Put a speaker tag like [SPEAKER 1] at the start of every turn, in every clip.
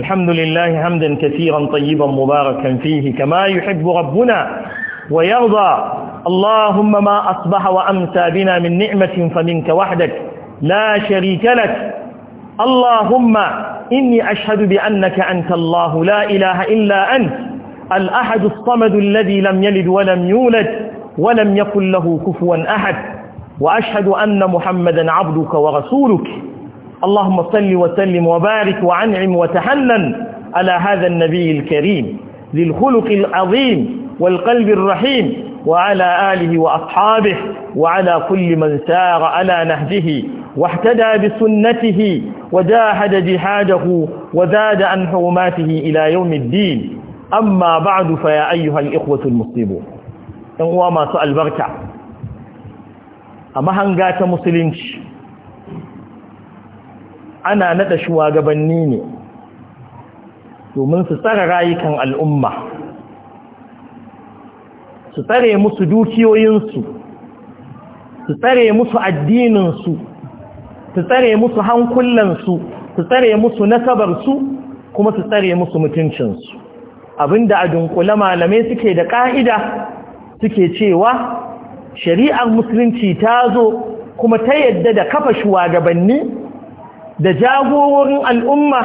[SPEAKER 1] الحمد لله حمدا كثيرا طيبا مباركا فيه كما يحب ربنا ويرضى اللهم ما أصبح وأمسى بنا من نعمة فمنك وحدك لا شريك لك اللهم إني أشهد بأنك أنت الله لا إله إلا أنت الأحد الصمد الذي لم يلد ولم يولد ولم يكن له كفوا أحد وأشهد أن محمدا عبدك ورسولك اللهم صل وسلم وبارك وعنعم وتحنن على هذا النبي الكريم للخلق العظيم والقلب الرحيم وعلى آله وأصحابه وعلى كل من سار على نهجه واحتدى بسنته وجاهد جهاده وزاد عن حرماته إلى يوم الدين أما بعد فيا أيها الإخوة المسلمون إن هو ما سأل بركة أما هنغاك مسلمش ana nada shugabanni ne domin su tsara rayukan al'umma su tsare musu dukiyoyinsu su tsare musu addininsu su tsare musu hankulansu su tsare musu nasabarsu kuma su tsare musu mutuncinsu abinda a dunkule malamai suke da ƙa'ida suke cewa shari'ar musulunci ta zo kuma ta yadda da kafa shugabanni da jagororin al'umma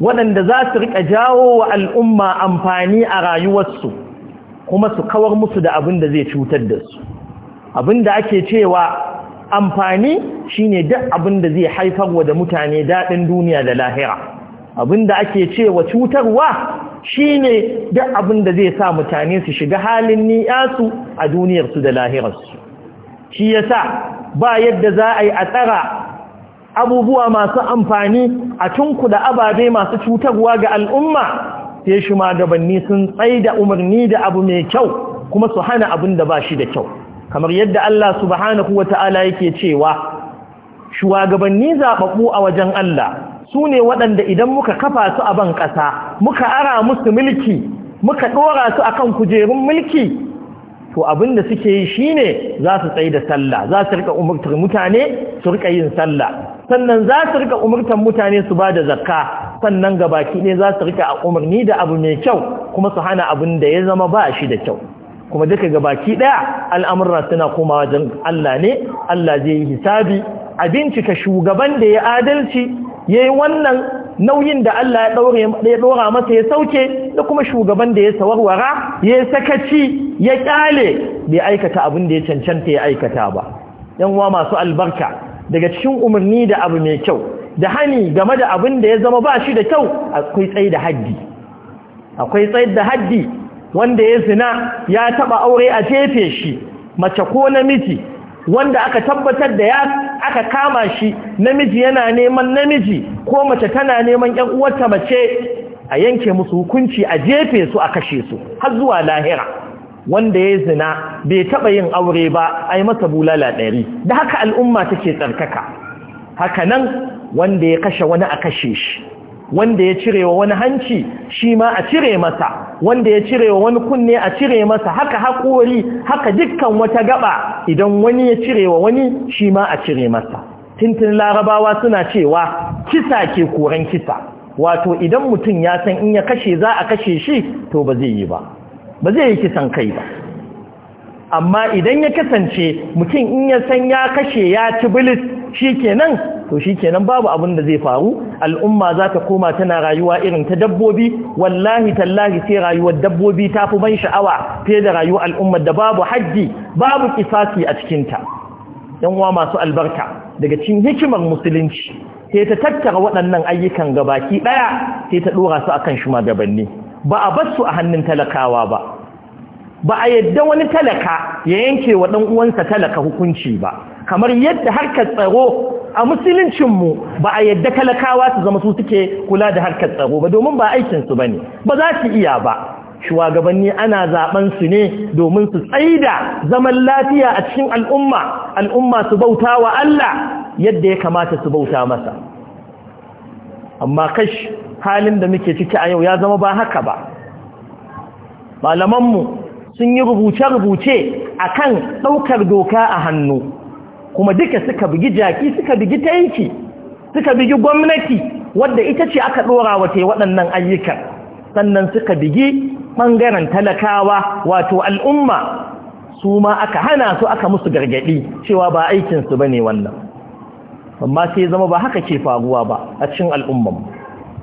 [SPEAKER 1] waɗanda za su riƙa jawo wa al'umma amfani a rayuwarsu kuma su kawar musu da abin da zai cutar da su abin da ake cewa amfani shine duk abin da zai haifarwa da mutane daɗin duniya da lahira abin da ake cewa cutarwa shine duk abin da zai sa mutane su shiga halin ni'asu a duniyarsu da lahirarsu shi yasa ba yadda za a yi a tsara abubuwa masu amfani a tunku da ababe masu cutarwa ga al'umma sai magabanni sun da umarni da abu mai kyau kuma su hana abin da ba shi da kyau kamar yadda Allah subhanahu ta'ala yake cewa shugabanni zaɓaɓɓu a wajen Allah su ne waɗanda idan muka kafa su a ban ƙasa muka ara musu mulki muka ɗora su akan kujerun mulki to abin da suke yi shine za su tsaye da sallah za su rika umurtar mutane su rika yin sallah sannan za su rika umurtan mutane su ba da zakka sannan gabaki ne za su rika umarni da abu mai kyau kuma su hana abin da ya zama ba shi da kyau kuma duka gabaki daya al'amurra suna koma wajen Allah ne Allah zai yi hisabi a bincika shugaban da ya adalci ya yi wannan nauyin da Allah ya ɗora masa ya sauke da kuma shugaban da ya sawarwara ya sakaci ya ƙyale bai aikata abin da ya cancanta ya aikata ba yan wa masu albarka daga cikin umarni da abu mai kyau da hani game da abin da ya zama ba shi da kyau akwai tsayi da haddi akwai tsayi da haddi wanda ya zina ya taba aure a jefe shi mace ko namiji wanda aka tabbatar da ya aka kama shi namiji yana neman namiji ko mace tana neman ƴan uwarta mace a yanke musu hukunci a jefe su a kashe su har zuwa lahira wanda ya zina bai taɓa yin aure ba ai masa bulala ɗari da haka al'umma take tsarkaka haka nan wanda ya kashe wani a kashe shi wanda ya cire wa wani hanci shi ma a cire masa wanda ya cire wa wani kunne a cire masa haka haƙori haka dukkan wata gaba idan wani ya cire wa wani shi ma a cire masa tintin larabawa suna cewa kisa ke koren kisa wato idan mutum ya san in ya kashe za a kashe shi to ba zai yi ba ba zai yi kisan kai ba amma idan ya kasance mutum in ya san ya kashe ya ci bilis shi kenan to shi kenan babu abin da zai faru al'umma za ta koma tana rayuwa irin ta dabbobi wallahi tallahi sai rayuwar dabbobi ta fi ban sha'awa fiye da rayuwar al'umma da babu hajji babu kisasi a cikinta yan uwa masu albarka daga cikin hikimar musulunci sai ta tattara waɗannan ayyukan gabaki ɗaya sai ta ɗora su akan shugabanni ba a basu a hannun talakawa ba ba a yadda wani talaka ya yanke wa ɗan uwansa talaka hukunci ba kamar yadda harkar tsaro a musuluncinmu ba a yadda talakawa su zama su suke kula da harkar tsaro ba domin ba aikinsu ba ne ba za su iya ba shugabanni ana zaben su ne domin su tsaida zaman lafiya a cikin al'umma al'umma su bauta wa Allah yadda ya kamata su bauta masa amma kashi. halin da muke ciki a yau ya zama ba haka ba malamanmu sun yi rubuce-rubuce a kan ɗaukar doka a hannu kuma duka suka bugi jaki suka bigi taiki suka bugi gwamnati wadda ita ce aka ɗora wata waɗannan ayyukan sannan suka bigi ɓangaren talakawa wato al'umma su ma aka hana su aka musu gargaɗi cewa ba aikinsu ba ne wannan amma sai zama ba haka ke faruwa ba a cikin al'ummanmu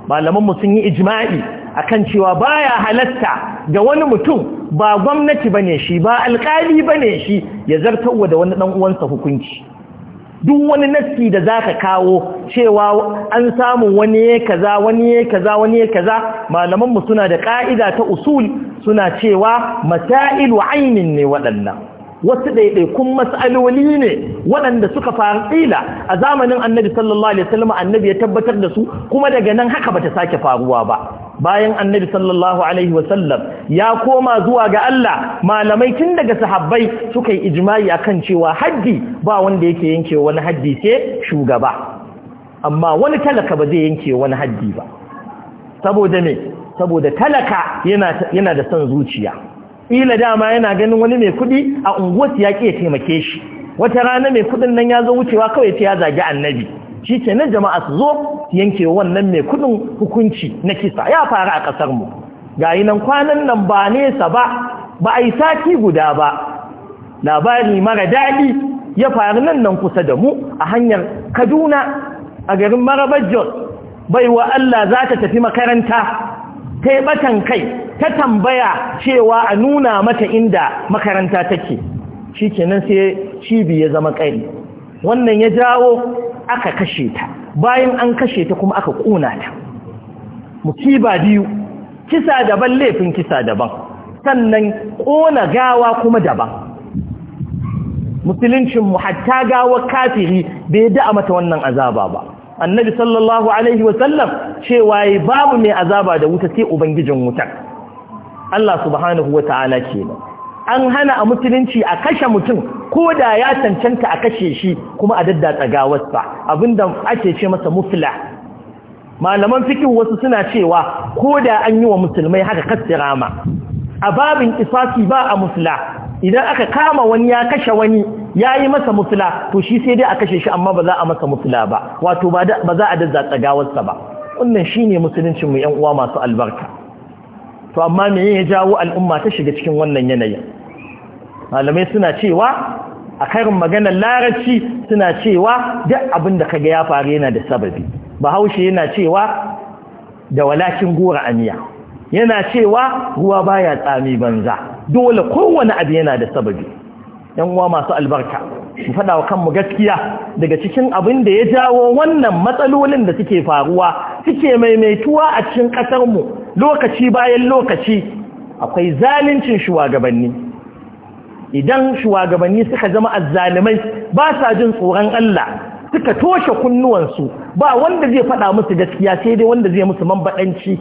[SPEAKER 1] malamanmu sun yi ijma'i akan cewa baya halatta ga wani mutum ba gwamnati bane shi ba alkali bane shi ya zartarwa da wani dan uwansa hukunci duk wani nassi da zaka kawo cewa an samu wani ya kaza wani ya kaza wani ya kaza malamanmu suna da ka'ida ta usul suna cewa masailu ainin ne waɗannan wasu ɗaiɗaikun mas'aloli ne waɗanda suka faru ƙila a zamanin annabi sallallahu alaihi wasallam annabi ya tabbatar da su kuma daga nan haka bata sake faruwa ba bayan annabi sallallahu alaihi wasallam ya koma zuwa ga Allah malamai tun daga sahabbai suka yi ijma'i akan cewa haddi ba wanda yake yanke wani haddi sai shugaba amma wani talaka ba zai yanke wani haddi ba saboda me saboda talaka yana yana da son zuciya ƙila dama yana ganin wani mai kuɗi a unguwarsu ya ƙi ya taimake shi wata rana mai kuɗin nan ya zo wucewa kawai ta ya zagi annabi shi ke nan jama'a su zo yanke wannan mai kuɗin hukunci na kisa ya faru a ƙasar mu ga yi nan kwanan nan ba nesa ba ba a yi sati guda ba labari mara daɗi ya faru nan nan kusa da mu a hanyar kaduna a garin marabar jos baiwa allah za ta tafi makaranta ta yi batan kai ta tambaya cewa a nuna mata inda makaranta take shi kenan sai cibi ya zama ƙari wannan ya jawo aka kashe ta bayan an kashe ta kuma aka ƙuna ta mukiba biyu kisa daban laifin kisa daban sannan ƙona gawa kuma daban Musuluncin hatta gawa kafiri bai da'a mata wannan azaba ba annabi sallallahu alaihi wasallam cewa babu mai azaba da wuta sai ubangijin wutar Allah subhanahu wa ta'ala kenan an hana a musulunci a kashe mutum ko da ya cancanta a kashe shi kuma a daddatsa gawarsa abinda ake ce masa mufla malaman fikin wasu suna cewa ko da an yi wa musulmai haka kasirama a babin kisasi ba a mufla idan aka kama wani ya kashe wani ya yi masa mufla to shi sai dai a kashe shi amma ba za a masa mufla ba wato ba za a daddatsa gawarsa ba wannan ne musulunci mu yan uwa masu albarka to amma me ya jawo al'umma ta shiga cikin wannan yanayin malamai suna cewa a karin maganar larabci suna cewa duk abin da kaga ya faru yana da sababi bahaushe yana cewa da walakin gora aniya yana cewa ruwa baya tsami banza dole kowane abu yana da sababi yan uwa masu albarka mu faɗa wa kanmu gaskiya daga cikin abin da ya jawo wannan matsalolin da suke faruwa suke maimaituwa a cikin ƙasarmu lokaci bayan lokaci akwai zalincin shugabanni idan shugabanni suka zama azzalimai ba sa jin tsoron Allah suka toshe kunnuwan su ba wanda zai faɗa musu gaskiya sai dai wanda zai musu mambaɗanci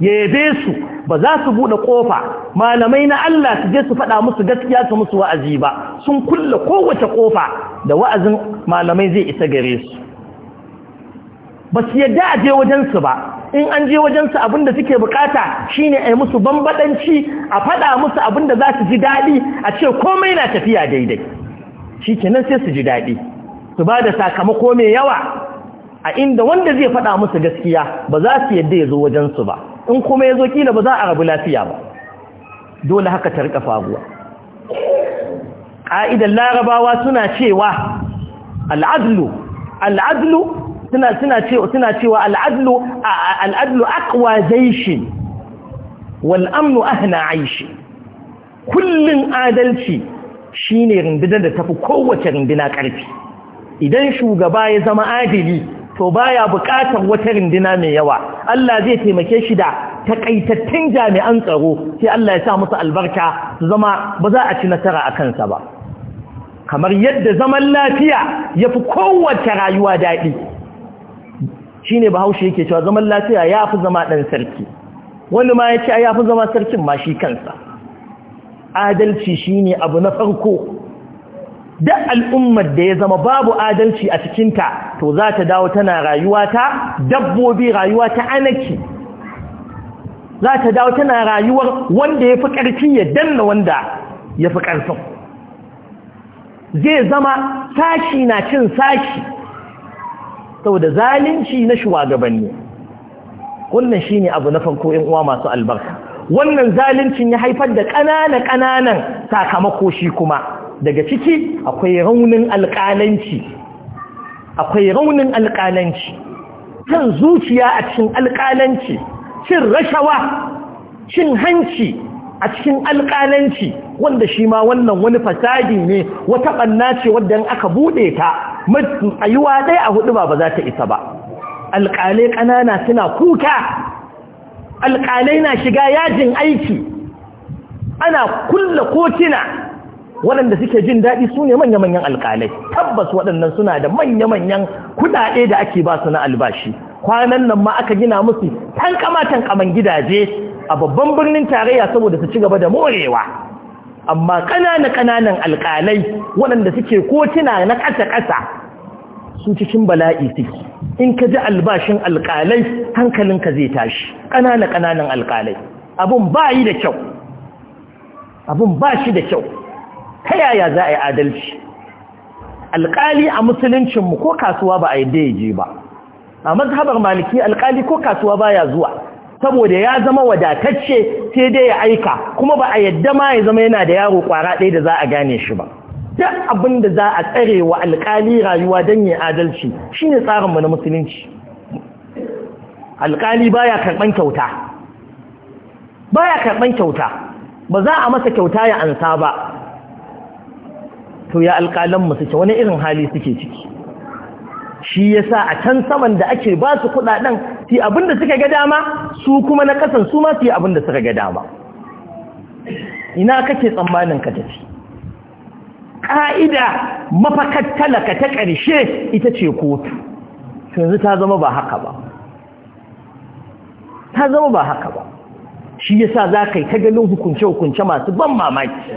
[SPEAKER 1] yabe su ba za su buɗe ƙofa malamai na Allah su je su faɗa musu gaskiya su musu wa'azi ba sun kulle kowace ƙofa da wa'azin malamai zai isa gare su ba su yadda a je wajensu ba in an je wajensu abinda suke bukata shine a yi musu bambadanci a fada musu abinda za su ji daɗi a ce komai na tafiya daidai shi kenan sai su ji daɗi su ba da sakamako mai yawa a inda wanda zai fada musu gaskiya ba za su yadda ya zo wajensu ba in kuma ya zo kila ba za a rabu lafiya ba dole haka ta riƙa faruwa ƙa'idar larabawa suna cewa al'adlu al'adlu suna cewa suna cewa al'adlu al'adlu aqwa jayshin amnu ahna aishi Kullum adalci shine rundunar da tafi kowace runduna karfi idan shugaba ya zama adili to baya bukatar wata runduna mai yawa Allah zai taimake shi da takaitattun jami'an tsaro sai Allah ya sa musu albarka su zama ba za a ci nasara a kansa ba kamar yadda zaman lafiya ya fi kowace rayuwa daɗi Shi ne bahaushe yake cewa zaman lafiya ya fi zama ɗan sarki wani ma ya ce ya fi zama sarkin ma shi kansa adalci shi ne abu na farko da al'ummar da ya zama babu adalci a cikinta to za ta dawo tana rayuwa ta dabbobi rayuwa ta anaki za ta dawo tana rayuwar wanda ya fi ƙarfi ya danna wanda ya fi ƙarfin zai zama sashi na cin sashi saboda zalunci na shugabanni wannan shine abu na farko in uwa masu albarka wannan zaluncin ya haifar da ƙanana ƙananan sakamako shi kuma daga ciki akwai raunin alƙalanci akwai raunin alƙalanci kan zuciya a cikin alƙalanci cin rashawa cin hanci a cikin alƙalanci wanda shi ma wannan wani fasadi ne wata ɓanna ce wadda aka buɗe ta a yi waɗai a hudu ba ba za ta isa ba alƙalai ƙanana suna kuka alƙalai na shiga yajin aiki ana kulla kotuna waɗanda suke jin daɗi su ne manya-manyan alƙalai tabbas waɗannan suna da manya-manyan kuɗaɗe da ake ba su na albashi kwanan nan ma aka gina musu tankama-tankaman gidaje a babban birnin tarayya saboda su ci gaba da morewa amma ƙananan-ƙananan alƙalai waɗanda suke kotuna na ƙasa-ƙasa su cikin bala'i suke in ka ji albashin alƙalai hankalinka zai tashi ƙananan-ƙananan alƙalai abin ba yi da kyau abin ba shi da kyau ta yaya za a yi adalci alƙali a musuluncinmu ko kasuwa ba a yadda ya je ba a mazhabar maliki alƙali ko kasuwa baya zuwa saboda ya zama wadatacce sai dai ya aika kuma ba a yadda ma ya zama yana da yaro kwara ɗaya da za a gane shi ba duk abin da za a tsare wa alƙali rayuwa don yin adalci shine tsarinmu na musulunci alƙali baya karɓan kyauta baya karɓan kyauta ba za a masa kyauta ya ansa ba to ya alƙalanmu suke wani irin hali suke ciki shi yasa a can saman da ake ba su kuɗaɗen Ti abin suka ga dama su kuma na kasan su ma su yi abin da suka ga dama ina kake tsammanin ka tafi Ka'ida mafakar talaka ta ƙarshe ita ce kotu yanzu ta zama ba haka ba ta zama ba haka ba shi yasa za ka yi ta ganin hukunce-hukunce masu ban mamaki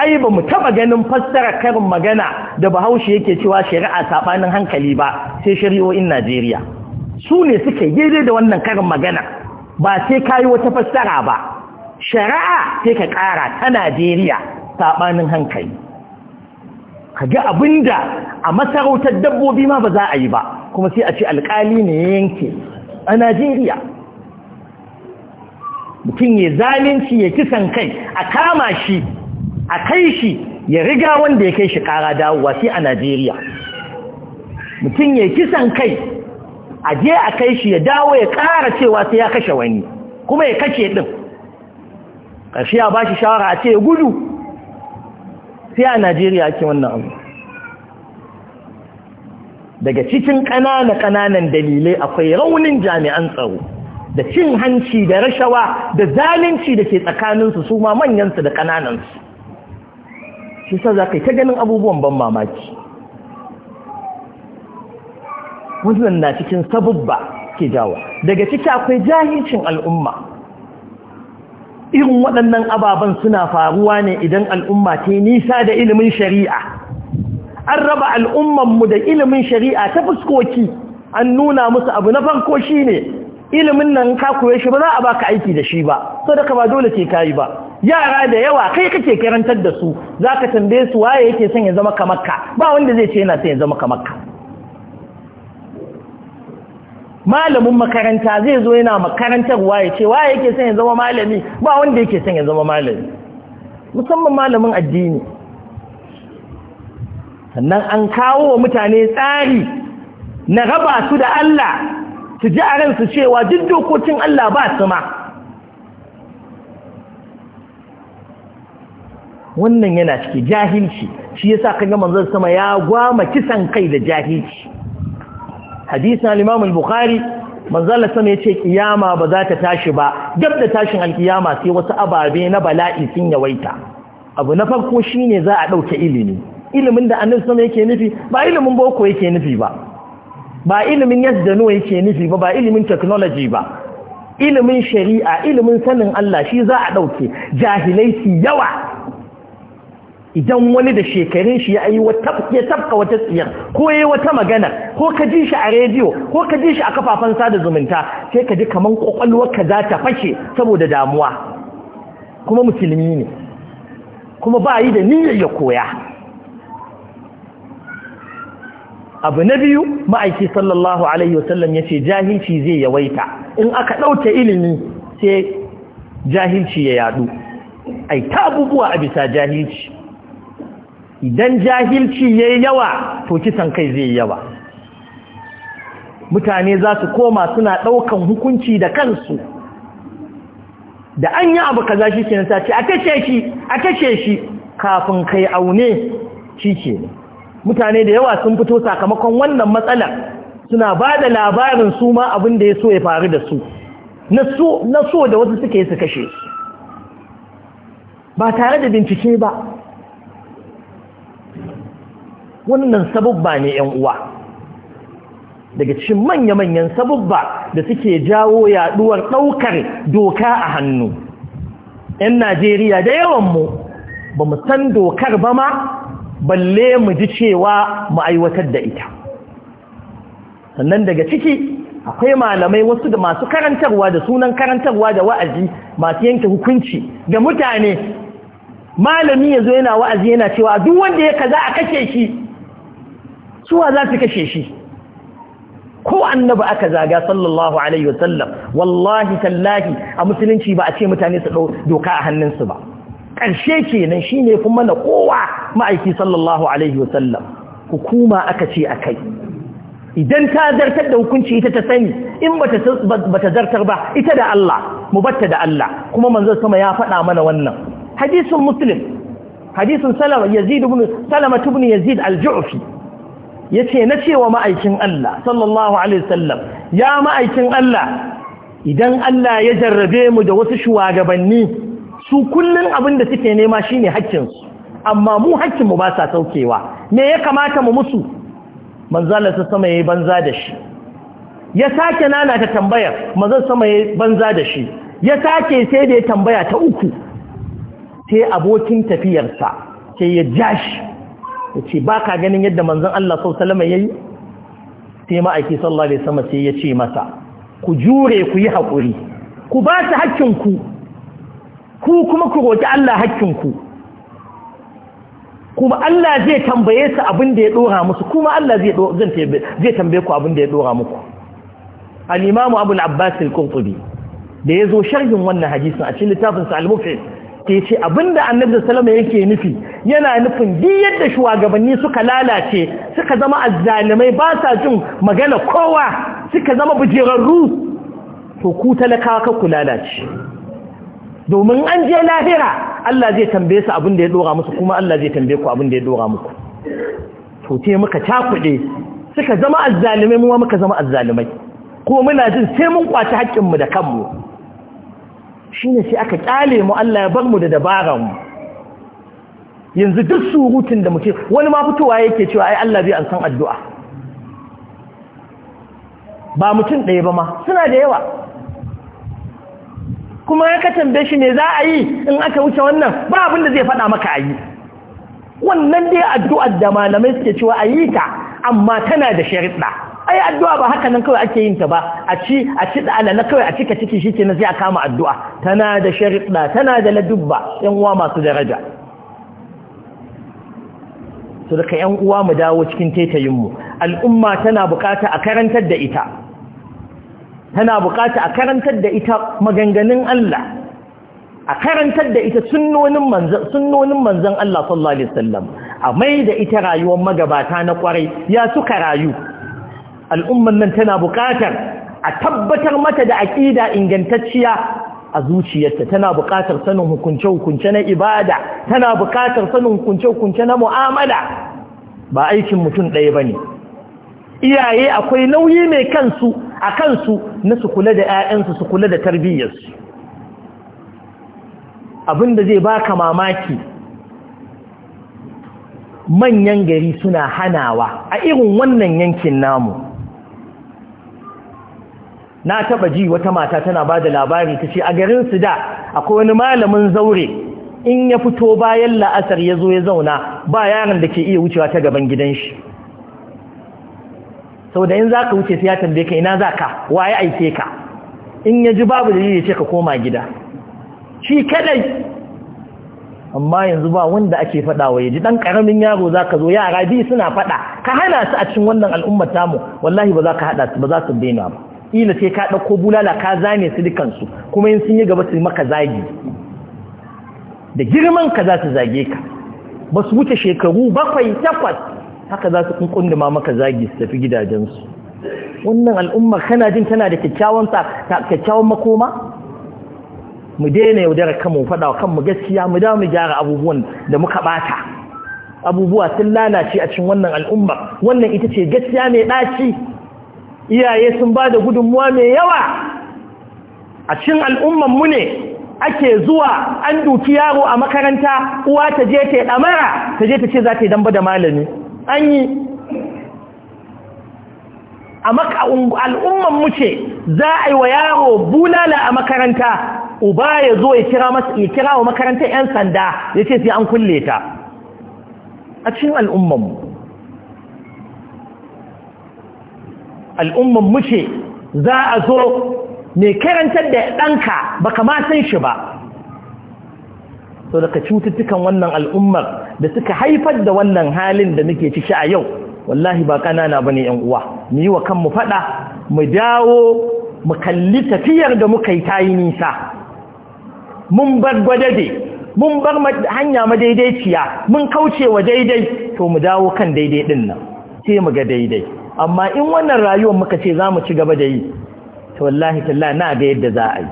[SPEAKER 1] ai ba mu taba ganin fassara karin magana da bahaushe yake cewa shari'a saɓanin hankali ba sai shari'o'in najeriya su ne suke daidai da wannan karin magana ba sai ka yi wata fassara ba shari'a sai ka ƙara ta Najeriya saɓanin hankali ka ga da a masarautar dabbobi ma ba za a yi ba kuma sai a ce alƙali ne yanke a Najeriya mutum ya zalunci ya kisan kai a kama shi a kai shi ya riga wanda ya kai shi ƙara dawowa sai a Najeriya mutum ya kisan kai a je a kai shi ya dawo ya ƙara cewa sai ya kashe wani kuma ya kashe ɗin ƙarshe ya ba shi shawara a ce gudu sai a najeriya ake wannan abu daga cikin ƙanana-ƙananan dalilai akwai raunin jami'an tsaro da cin hanci da rashawa da zalunci da ke tsakaninsu su ma manyansu da ƙananansu shi sa za ka yi ta ganin abubuwan ban mamaki wannan na cikin sabubba ke jawo daga ciki akwai jahilcin al'umma irin waɗannan ababen suna faruwa ne idan al'umma ta nisa da ilimin shari'a an raba mu da ilimin shari'a ta fuskoki an nuna musu abu na farko shi ne ilimin nan ka koye shi ba za a baka aiki da shi ba so da ka ba dole ce kayi ba yara da yawa kai kake karantar da su zaka tambaye su waye yake son ya zama ka ba wanda zai ce yana son ya zama ka malamin makaranta zai zo yana makarantarwa ya ce waye yake son ya zama malami ba wanda yake son ya zama malami musamman malamin addini sannan an kawo wa mutane tsari na raba su da Allah su ji a ransu cewa duk dokokin Allah ba su ma wannan yana cike jahilci shi yasa kaga manzon sama ya gwama kisan kai da jahilci hadisin na imam al-bukhari manzo Allah ya ce kiyama ba za ta tashi ba dab da tashin al sai wasu ababe na bala'i sun yawaita abu na farko shine za a dauke ilimi ilimin da annabi sama yake nufi ba ilimin boko yake nufi ba ba ilimin da no yake nufi ba ba ilimin technology ba ilimin shari'a ilimin sanin Allah shi za a ɗauke jahilai su yawa idan wani da shekarun shi ya yi ya tafka wata tsiyar ko ya yi wata magana ko ka ji shi a rediyo ko ka ji shi a kafafen sada zumunta sai ka ji kamar kwakwalwarka za ta fashe saboda damuwa kuma musulmi ne kuma ba yi da niyyar ya koya abu na biyu ma'aiki sallallahu alaihi wasallam ya ce jahilci zai yawaita in aka ɗauke ilimi sai jahilci ya yadu ai ta abubuwa a bisa jahilci idan jahilci ya yi yawa to kisan kai zai yi yawa mutane za su koma suna ɗaukan hukunci da kansu da an yi abu kaza shi ke ta ce a kashe shi a kashe shi kafin kai aune shi ke ne mutane da yawa sun fito sakamakon wannan matsalar suna ba da labarin su ma abin da ya so ya faru da su na so da wasu suke su kashe su ba tare da bincike ba wannan sabubba ne ‘yan uwa daga cikin manya-manyan sabubba da suke jawo yaɗuwar ɗaukar doka a hannu ‘yan najeriya da yawanmu ba mu san dokar ba ma balle mu ji cewa mu aiwatar da ita sannan daga ciki akwai malamai wasu da masu karantarwa da sunan karantarwa da wa'azi masu yanke hukunci ga mutane malami ya zo yana wa'azi yana cewa duk wanda ya kaza a kashe shi suwa za su kashe shi ko annabi aka zaga sallallahu alaihi wasallam wallahi tallahi a musulunci ba a ce mutane su dau doka a hannunsu ba ƙarshe kenan shine kuma na kowa ma'aiki sallallahu alaihi wasallam hukuma aka ce akai idan ta zartar da hukunci ita ta sani in bata zartar ba ita da Allah mubatta da Allah kuma manzon sama ya faɗa mana wannan hadisin muslim hadisin salama yazid ibn salama ibn yazid al-ju'fi ya ce na cewa ma'aikin Allah sallallahu Alaihi sallam ya ma'aikin Allah idan Allah ya jarrabe mu da wasu shugabanni su kullum abin da suke nema shi ne haƙƙinsu amma mu haƙƙinmu ba sa saukewa me ya kamata mu musu manzalar ta sama ya yi banza da shi ya sake nana ta tambayar manzan sama ya yi banza da shi ya sake sai da ya tambaya ta uku sai abokin tafiyarsa sai ya ja shi ya ce ba ka ganin yadda manzon Allah sau salama ya yi sai ma'aiki sallallahu alaihi sama sai ya ce mata. ku jure ku yi haƙuri ku ba su hakkinku ku kuma ku roƙi Allah ku. kuma Allah zai tambaye su abin da ya ɗora musu kuma Allah zai tambaye ku abin da ya ɗora muku al-imamu abul abbas al-qurtubi da ya zo sharhin wannan hadisin a cikin littafinsa al-mufid sai ce abinda annabi salama yake nufi yana nufin duk yadda shugabanni suka lalace suka zama azzalimai ba sa jin magana kowa suka zama bujerarru to ku talakawa ka ku lalace domin an je lahira Allah zai tambaye su abin da ya dora musu kuma Allah zai tambaye ku abin da ya dora muku to te muka takude suka zama azzalimai muwa muka zama azzalimai ko muna jin sai mun kwaci haƙƙinmu da kanmu Shi ne sai aka kyale mu Allah ya bar mu da dabaran mu yanzu duk surutun da muke wani ma fitowa yake cewa ai Allah bai an san addu'a ba mutum ɗaya ba ma suna da yawa kuma ya ka tambaye shi ne za a yi in aka wuce wannan ba abin da zai faɗa maka ayi. wannan dai addu'ar da malamai suke cewa a yi ta amma tana da shariɗa ai addu'a ba haka nan kawai ake yin ta ba a ci a ci da na kawai a cika ciki shi na sai a kama addu'a tana da sharuɗa tana da ladubba yan uwa masu daraja to kai yan uwa mu dawo cikin taitayin mu al'umma tana bukata a karantar da ita tana bukata a karantar da ita maganganun Allah a karantar da ita sunnonin manzan sunnonin manzon Allah sallallahu alaihi wasallam a mai da ita rayuwar magabata na kwarai ya suka rayu Al'ummar nan tana buƙatar a tabbatar mata da aƙida ingantacciya a zuciyarta tana buƙatar sanin hukunce-hukunce na ibada tana buƙatar sanin hukunce-hukunce na mu'amala ba aikin mutum ɗaya ba ne iyaye akwai nauyi mai kansu a kansu na su kula da 'ya'yansu su kula da tarbiyyarsu Abin da zai baka mamaki manyan gari suna hanawa a irin wannan yankin namu na taba ji wata mata tana ba da labari ta ce a garin su da akwai wani malamin zaure in ya fito bayan la'asar ya zo ya zauna ba yaran da ke iya wucewa ta gaban gidan shi sau da in za ka wuce sai ya tambaye ka ina za ka waye aike ka in ya ji babu da ya ce ka koma gida shi kadai amma yanzu ba wanda ake faɗawa wa yaji dan karamin yaro za ka zo yara biyu suna faɗa ka hana su a cikin wannan al'ummar tamu wallahi ba za ka hada su ba za su daina ba ila sai ka ɗauko bulala ka zane su dukansu kuma in sun yi gaba su maka zagi da girman ka za su zage ka ba su wuce shekaru bakwai takwas haka za su kunkunduma maka zagi su tafi gidajensu wannan al'ummar kana jin tana da kyakkyawan makoma mu daina yaudara kan mu faɗa kan mu gaskiya mu da mu gyara abubuwan da muka ɓata. abubuwa sun lalace a cikin wannan al'umma wannan ita ce gaskiya mai ɗaci iyaye sun ba da gudunmuwa mai yawa a cikin mu ne ake zuwa an duki yaro a makaranta uwa ta je ta yi ɗamara ta je ta ce za ta yi damba da malami an yi a al'ummanmu ce za a yi wa yaro bulala a makaranta uba ya zo ya kira wa makarantar 'yan sanda ya ce sai an kulle ta a cikin al'ummanmu al'umman mu ce za a zo mai karantar da ɗanka ba kama san shi ba so daga cututtukan wannan al'ummar da suka haifar da wannan halin da muke ciki a yau wallahi ba ƙanana ba ne uwa mu yi wa kanmu faɗa mu dawo mu kalli tafiyar da muka yi tayi nisa mun bar gwadade mun bar hanya madaidaiciya mun kauce wa daidai to mu dawo kan daidai ɗin nan sai mu ga daidai amma in wannan rayuwar muka ce za mu ci gaba da yi to wallahi tallahi na ga yadda za a yi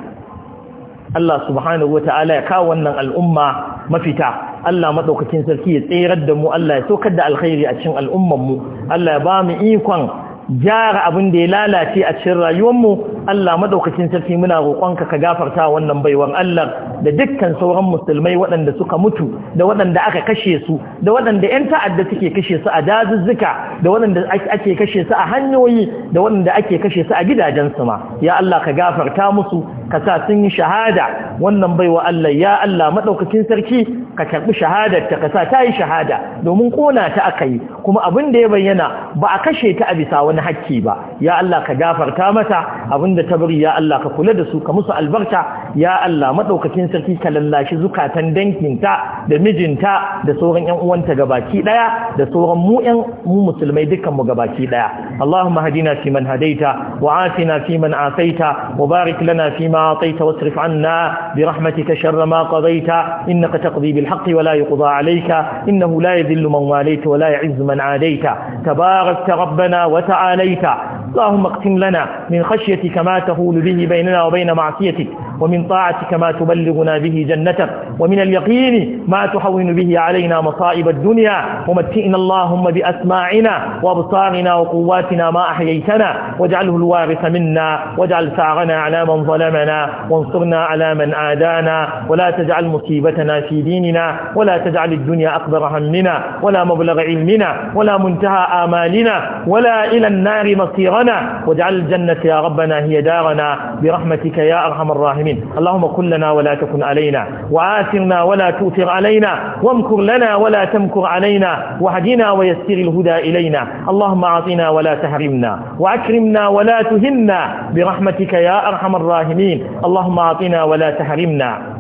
[SPEAKER 1] Allah subhanahu wa ta'ala ya kawo wannan al'umma mafita Allah maɗaukakin sarki ya tserar da mu Allah ya saukar da alkhairi a cikin al'ummar mu Allah ya ba mu ikon gyara abin da ya lalace a cikin rayuwarmu Allah madaukakin sarki muna roƙonka ka gafarta wannan baiwan Allah da dukkan sauran musulmai waɗanda suka mutu da waɗanda aka kashe su da waɗanda ƴan ta'adda suke kashe su a dazuzzuka da waɗanda ake kashe su a hanyoyi da waɗanda ake kashe su a su ma ya Allah ka gafarta musu ka sa sun yi shahada wannan baiwa Allah ya Allah maɗaukakin sarki ka karɓi shahadar ta ka sa ta yi shahada domin kona ta aka yi kuma abin da ya bayyana ba a kashe ta a bisa wani hakki ba ya Allah ka gafarta mata abin da ta bari ya Allah ka kula da su ka musu albarka ya Allah maɗaukacin sarki ka lallashi zukatan dankinta da mijinta da sauran 'yan uwanta gabaki daya da sauran mu yan mu musulmai dukkanmu mu gabaki daya Allahumma mahadina fi man hadaita wa na fi man asaita wa barik lana fi ma ataita wasrif anna bi rahmatika sharra ma qadaita ka taqdi bil haqqi wa la yuqda alayka innahu la yadhillu man walaita wa la yu'izzu man adaita tabarakta rabbana wa ta'alaita اللهم اقسم لنا من خشيتك ما تهول به بيننا وبين معصيتك ومن طاعتك ما تبلغنا به جنتك ومن اليقين ما تحون به علينا مصائب الدنيا ومتئنا اللهم بأسماعنا وأبصارنا وقواتنا ما أحييتنا واجعله الوارث منا واجعل ساغنا على من ظلمنا وانصرنا على من عادانا ولا تجعل مصيبتنا في ديننا ولا تجعل الدنيا أكبر همنا ولا مبلغ علمنا ولا منتهى آمالنا ولا إلى النار مصيرنا واجعل الجنة يا ربنا هي دارنا برحمتك يا أرحم الراحمين المسلمين اللهم كن لنا ولا تكن علينا وآثرنا ولا تؤثر علينا وامكر لنا ولا تمكر علينا واهدنا ويسر الهدى إلينا اللهم أعطنا ولا تحرمنا وأكرمنا ولا تهنا برحمتك يا أرحم الراحمين اللهم أعطنا ولا تحرمنا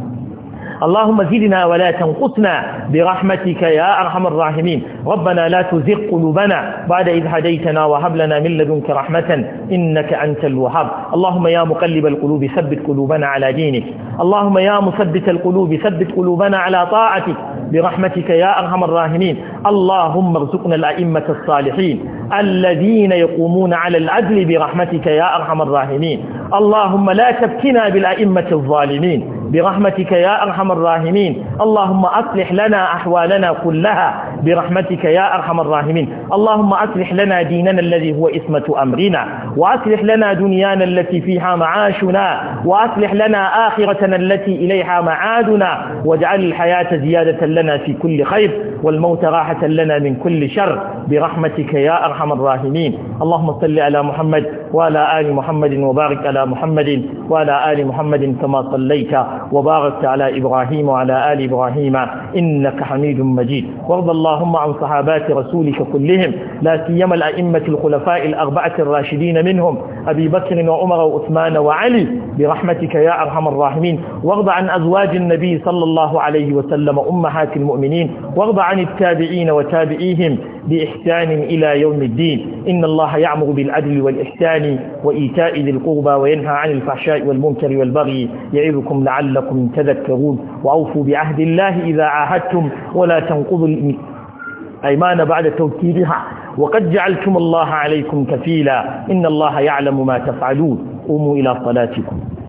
[SPEAKER 1] اللهم زدنا ولا تنقصنا برحمتك يا أرحم الراحمين ربنا لا تزغ قلوبنا بعد إذ هديتنا وهب لنا من لدنك رحمة إنك أنت الوهاب اللهم يا مقلب القلوب ثبت قلوبنا على دينك اللهم يا مثبت القلوب ثبت قلوبنا على طاعتك برحمتك يا أرحم الراحمين اللهم ارزقنا الأئمة الصالحين الذين يقومون على العدل برحمتك يا أرحم الراحمين اللهم لا تبكنا بالأئمة الظالمين برحمتك يا أرحم الراحمين اللهم أصلح لنا أحوالنا كلها برحمتك يا أرحم الراحمين اللهم أصلح لنا ديننا الذي هو إسمة أمرنا وأصلح لنا دنيانا التي فيها معاشنا وأصلح لنا آخرتنا التي إليها معادنا واجعل الحياة زيادة لنا في كل خير والموت راحة لنا من كل شر برحمتك يا أرحم الراحمين اللهم صل على محمد وعلى آل محمد وبارك على محمد وعلى آل محمد كما صليت وباركت على إبراهيم وعلى آل إبراهيم إنك حميد مجيد وارض اللهم عن صحابات رسولك كلهم لا سيما الأئمة الخلفاء الأربعة الراشدين منهم أبي بكر وعمر وعثمان وعلي برحمتك يا أرحم الراحمين وارض عن أزواج النبي صلى الله عليه وسلم أمهات المؤمنين وارض عن التابعين وتابعيهم بإحسان إلى يوم الدين إن الله يعمر بالعدل والإحسان الإحسان وإيتاء ذي القربى وينهى عن الفحشاء والمنكر والبغي يعظكم لعلكم تذكرون وأوفوا بعهد الله إذا عاهدتم ولا تنقضوا الأيمان بعد توكيدها وقد جعلتم الله عليكم كفيلا إن الله يعلم ما تفعلون قوموا إلى صلاتكم